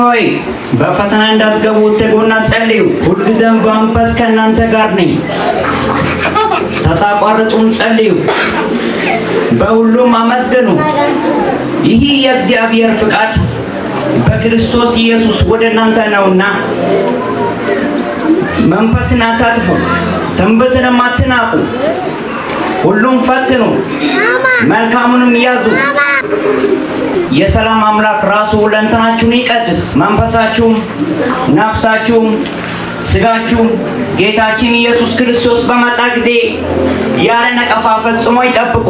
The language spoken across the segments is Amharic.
ሆይ በፈተና እንዳትገቡ ትጉና ጸልዩ። ሁልጊዜም በመንፈስ ከእናንተ ጋር ነኝ። ሳታቋርጡም ጸልዩ፣ በሁሉም አመስግኑ። ይህ የእግዚአብሔር ፍቃድ በክርስቶስ ኢየሱስ ወደ እናንተ ነውና። መንፈስን አታጥፉ፣ ትንቢትንም አትናቁ። ሁሉም ፈትኑ፣ መልካሙንም ያዙ። የሰላም አምላክ ራሱ ለእንትናችሁን ይቀድስ፣ መንፈሳችሁም፣ ነፍሳችሁም፣ ስጋችሁም ጌታችን ኢየሱስ ክርስቶስ በመጣ ጊዜ ያለ ነቀፋ ፈጽሞ ይጠብቁ።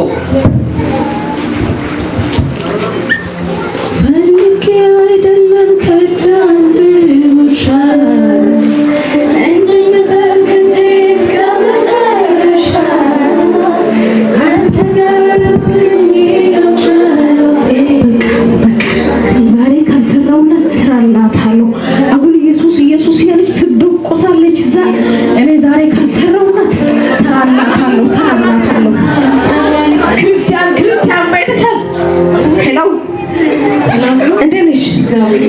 አይደለም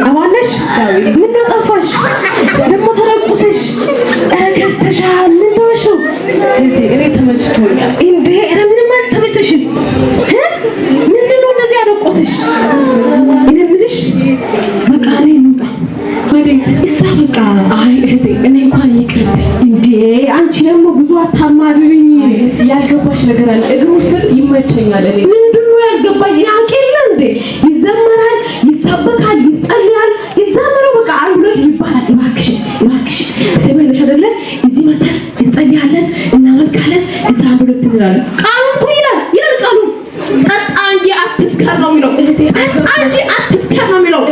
አዋነሽ ምን አጠፋሽ? ደግሞ ተለቁሰሽ ረከሰሻል። እንደመሽ እኔ ተመችቶኛል። እንዴ ረ ምንም አልተመቸሽም። ምንድን ነው እንደዚህ ያለቆሰሽ? እኔ የምልሽ በቃ እኔ እንውጣ እሳ በቃ አይ እህቴ እኔ እንኳን ይቅርብኝ። እንዴ አንቺ ደግሞ ብዙ አታማርኝ። ያልገባሽ ነገር አለ። እግሩ ስር ይመቸኛል። እኔ ምንድን ነው ያልገባኝ? ያቄለ እንዴ ይዘመራል፣ ይሳበካል እዛ ብልብ ይላል ቃሉ እኮ ይላል ይላል ቃሉ ጠጣ እንጂ አትስከር ነው የሚለው ጠጣ እንጂ አትስከር ነው የሚለው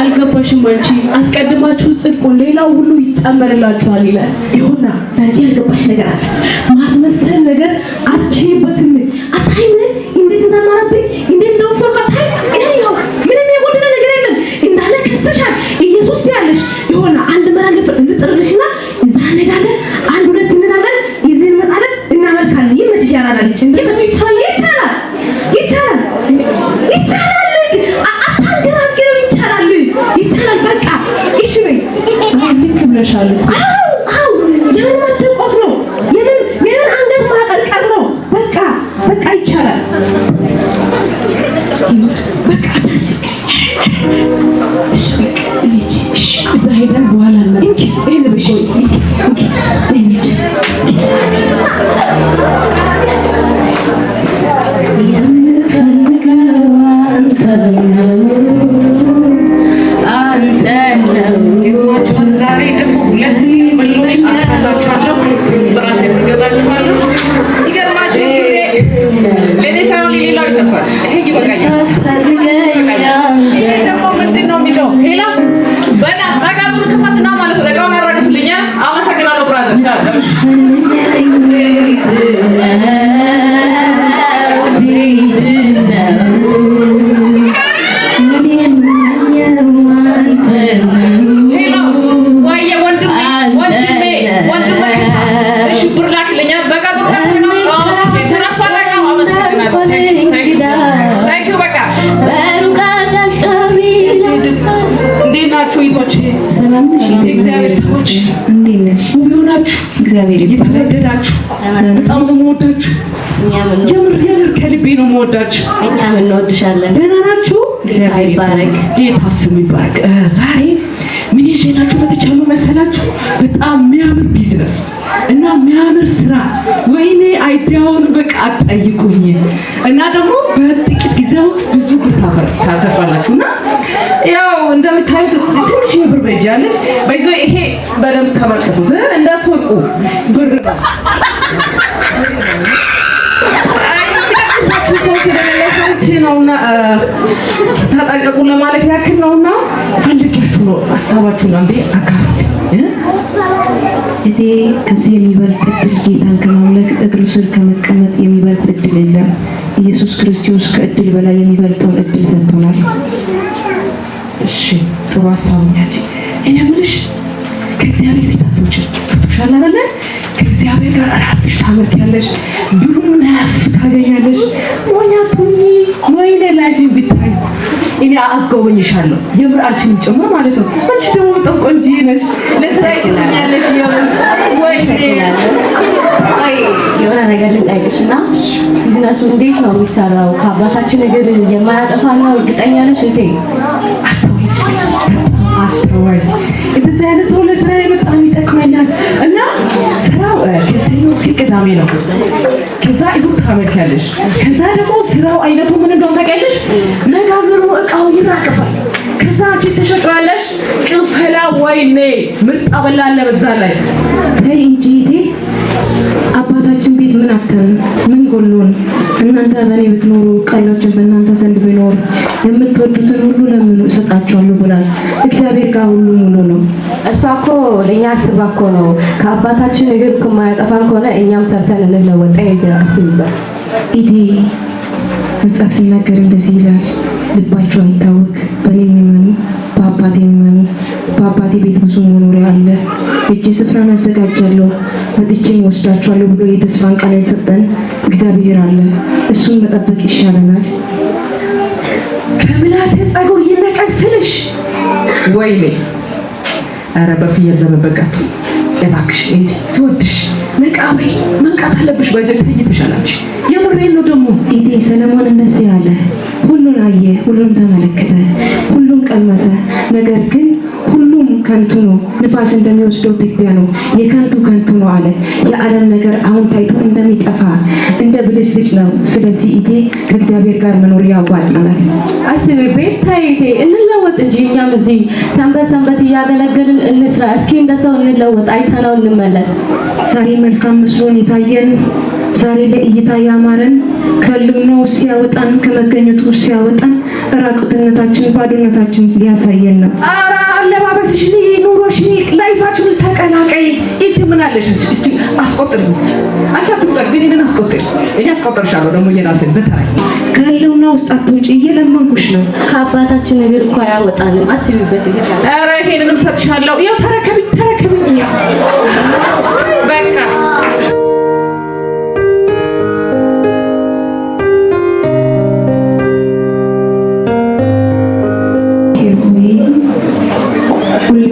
አልገባሽም አንቺ አስቀድማችሁ ጽድቁን ሌላው ሁሉ ይጨመርላችኋል ይላል ይሁና አንቺ ያልገባሽ ነገር አለ ማስመሰል ነገር አትችይበትም አታይም እንዴት ተማረብኝ እንዴት ነው ፈቃታ ይሄ ምንም የጎደለ ነገር የለም እንዳለ ከሰሻል በኋላ ለጌታ ወደዳችሁ በጣም ነው የምወዳችሁ። የምር ከልቤ ነው የምወዳችሁ። እኛም እንወድሻለን። ደህና ናችሁ? እግዚአብሔር ይባረክ። ጌታ ስም ይባረክ። ዛሬ ምን ይዤላችሁ በተቻለ መሰላችሁ? በጣም የሚያምር ቢዝነስ እና የሚያምር ስራ። ወይኔ አይዲያውን በቃ አጠይቁኝ እና ደግሞ በጥቂት ጊዜ ውስጥ ብዙ ብር ታፈራላችሁ እና ያው እንደምታዩት ትንሽ ብር በጃለች። በይዞ ይሄ በደንብ ተመልከቱት እንዳትወርቁ ብር ነውና ተጠንቀቁ ለማለት ያክል ነውና ፈልጊያችሁ ነው ሀሳባችሁን አንዴ አካፍ እዴ ከዚህ የሚበልጥ እድል ጌታን ከማምለክ እግሩ ስር ከመቀመጥ የሚበልጥ እድል የለም። ኢየሱስ ክርስቶስ ከእድል በላይ የሚበልጠውን እድል ሰጥቶናል። እሺ ጥሩ ሀሳብ ያች እኔ ምልሽ ከእግዚአብሔር ቤታቶች ቶሻል አለ ከእግዚአብሔር ጋር ራቅሽ ታመልኪያለሽ፣ ብሩ ናፍ ታገኛለሽ። ሞኛቱኒ ወይኔ ላይፍ ብታይ እኔ አስጎበኝሻለሁ የምር አንቺንም ጭምር ማለት ነው። አንቺ ደግሞ በጣም ቆንጆ ነሽ። ለዛ የሆነ ነገር ልንጠይቅሽ እና ቢዝነሱ እንዴት ነው የሚሰራው? ከአባታችን እግር የማያጠፋ ነው እርግጠኛ ነሽ እንዴ? አስተወል እንደዚህ አይነት ሰው ለስራዬ በጣም ይጠቅመኛል እና ስራው ከሰኞ ቅዳሜ ነው። ከዛ እሑድ ታመልኪያለሽ። ከዛ ደግሞ ስራው አይነቱ ምን እንደሆነ ታውቂያለሽ። መጋዘኑ እቃው ይራገፋል። ከዛ አንቺ ተሸጫለሽ። ቅንፈላ ወይኔ ምርጥ አበላ አለ በዛ ላይ ተይ እንጂ ይሄ አባታ ምን ምን ጎሎን እናንተ በእኔ ብትኖሩ ቃላችን በእናንተ ዘንድ ቢኖር የምትወዱትን ሁሉ ለምኑ እሰጣችኋለሁ ብሏል። እግዚአብሔር ጋር ሁሉ ሙሉ ነው። እሷ እኮ ለእኛ አስባ እኮ ነው። ከአባታችን እግር ከማያጠፋን ከሆነ እኛም ሰርተን እንለወጣ አስብበት። ኢቴ መጽሐፍ ሲናገር እንደዚህ ይላል፣ ልባቸው አይታወቅ በእኔ የሚመኑ በአባቴ በአባቴ ቤት ብዙ መኖሪያ አለ። እጅ ስፍራን አዘጋጃለሁ መጥቼም ወስዳቸዋለሁ ብሎ የተስፋን ቃል የሰጠን እግዚአብሔር አለ። እሱን መጠበቅ ይሻለናል። ከምላሴ ጸጉር ይነቀል ስልሽ ወይኔ፣ ኧረ በፍየል ዘመን በቃቱ እባክሽ ስወድሽ ነቃዊ መንቃት አለብሽ። ባይዘት ተይተሻላች። የምሬን ነው ደግሞ ኢቴ ሰለሞን እንደዚህ አለ። ሁሉን አየ፣ ሁሉን ተመለከተ ነገር ግን ሁሉም ከንቱ ነው፣ ንፋስ እንደሚወስደው ትቢያ ነው፣ የከንቱ ከንቱ ነው አለ። የዓለም ነገር አሁን ታይቶ እንደሚጠፋ እንደ ብልጭልጭ ነው። ስለዚህ ኢቴ ከእግዚአብሔር ጋር መኖር ያዋጣናል። አስቤ ቤት ታይቴ እንለወጥ እንጂ እኛም እዚህ ሰንበት ሰንበት እያገለገልን እንስራ። እስኪ እንደ ሰው እንለወጥ፣ አይተነው እንመለስ። ዛሬ መልካም መስሎን የታየን ዛሬ ለእይታ ያማረን ከልምናው ሲያወጣን ከመገኘቱ ሲያወጣን ራቁትነታችን ባዶነታችን ሊያሳየን ነው። ኧረ አለባበስሽ ኑሮሽ ላይፋችን ውስጥ ተቀላቀይ። እስቲ ምን አለሽ? እስቲ አስቆጥር እስቲ አንቺ አትቁጠር፣ ግን ይህንን አስቆጥር። እኔ አስቆጥርሻለሁ ደግሞ የራስን በተራይ ከልምና ውስጥ አትውጪ፣ እየለመንኩሽ ነው። ከአባታችን እግር እኮ አያወጣንም። አስቢበት። ኧረ ይሄንንም ሰጥሻለሁ። ያው ተረከ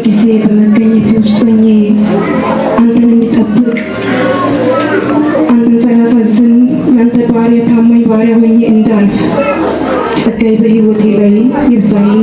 ጊዜ በመገኘት ውስጥ አንተን እንድጠብቅ አንተን ሳላሳዝን የአንተ ባሪያ ታማኝ ባሪያ ሆኜ እንዳልፍ ጸጋይ በህይወቴ ላይ ይብዛኝ።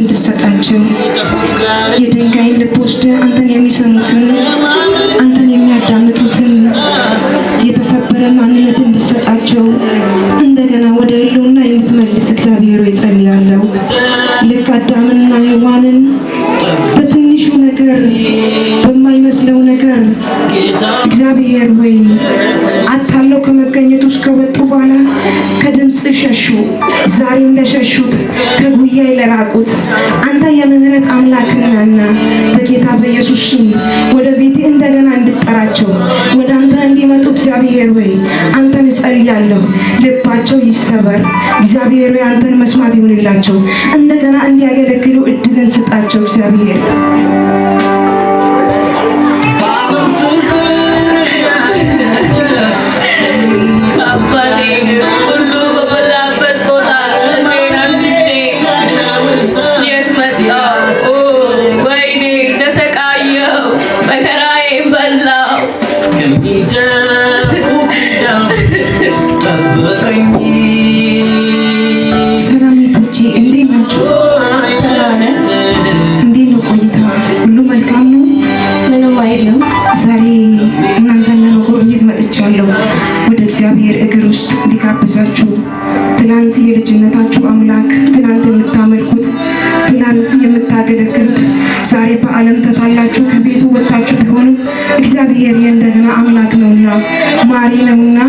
ናቸው። የድንጋይን ልብ ወስደ አንተን የሚሰሙትን አንተን የሚያዳምጡትን የተሰበረ ማንነት እንዲሰጣቸው እንደገና ወደ ህልውና የምትመልስ እግዚአብሔር ሆይ ጸልያለሁ። ልክ አዳምና ሔዋንን በትንሹ ነገር በማይመስለው ነገር እግዚአብሔር ወይ ክርስቶስ ከወጡ በኋላ ከድምፅ ሸሹ። ዛሬም ለሸሹት ከጉያይ ለራቁት አንተ የምህረት አምላክ ነህና በጌታ በኢየሱስ ስም ወደ ቤቴ እንደገና እንድጠራቸው ወደ አንተ እንዲመጡ እግዚአብሔር ሆይ አንተን እጸልያለሁ። ልባቸው ይሰበር እግዚአብሔር ሆይ አንተን መስማት ይሁንላቸው። እንደገና እንዲያገለግሉ እድልን ስጣቸው እግዚአብሔር አምላክ ትናንት የምታመልኩት ትናንት የምታገለግሉት ዛሬ በዓለም ተታላችሁ ከቤቱ ወጥታችሁ ቢሆንም እግዚአብሔር የእንደገና አምላክ ነውና ማሪ ነውና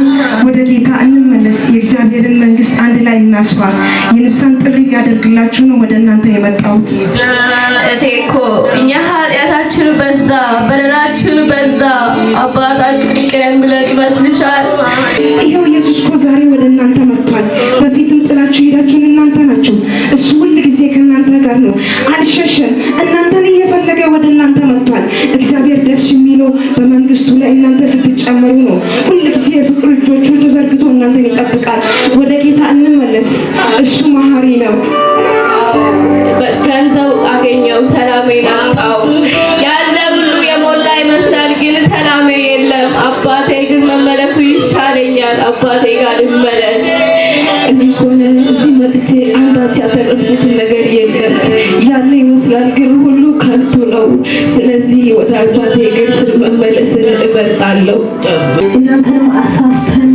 ወደ ጌታ እንመለስ። የእግዚአብሔርን መንግስት አንድ ላይ እናስፋ። የንሳን ጥሪ ያደርግላችሁ ነው ወደ እናንተ የመጣሁት። እቴኮ እኛ ኃጢአታችን በዛ፣ በደላችን በዛ አባታችን ይቅር ብለን ይመስልሻል? እሱ ሁል ጊዜ ከእናንተ ጋር ነው፣ አልሸሸም። እናንተን እየፈለገ ወደ እናንተ መጥቷል። እግዚአብሔር ደስ የሚለው በመንግስቱ ላይ እናንተ ስትጨመሩ ነው። ሁል ጊዜ የፍቅር እጆቹ ተዘርግቶ እናንተን ይጠብቃል። ወደ ጌታ እንመለስ፣ እሱ መሀሪ ነው። ገንዘብ አገኘው ሰላሜ ናጣው ያለ ብሉ የሞላ ይመስላል፣ ግን ሰላሜ የለም። አባቴ ግን መመለሱ ይሻለኛል። አባቴ ጋር እናንተንም አሳሰን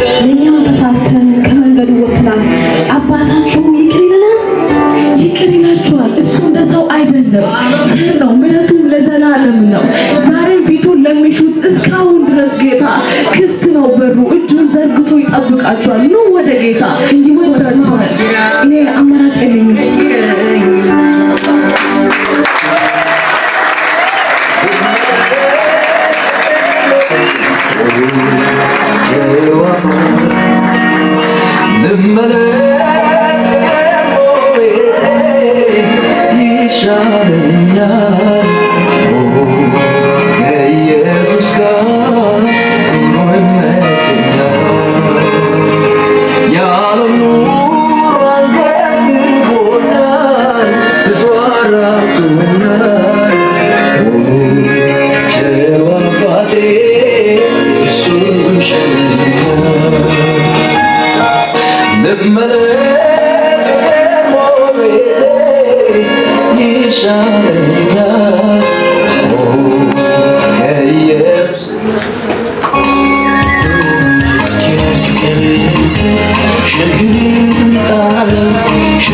ለእኛም ተሳሰን ከመንገዱ ወጥተናል። አባታችሁ ይቅር ይለናል፣ ይቅር ይላችኋል። እሱ እንደዛው አይደለም፣ ጭር ነው። ምሕረቱ ለዘላለም ነው። ዛሬም ፊቱን ለሚሹት እስካሁን ድረስ ጌታ ክፍት ነው በሩ። እጁን ዘርግቶ ይጠብቃችኋል። ኑ ወደ ጌታ ይወዳችኋል። እኔ አማራጭ የለኝም። جاي وطن دم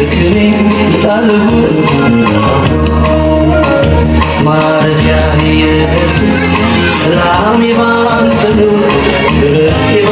ፍቅሬ ጣልሁ ማረፊያ ኢየሱስ ሰላም ባንተ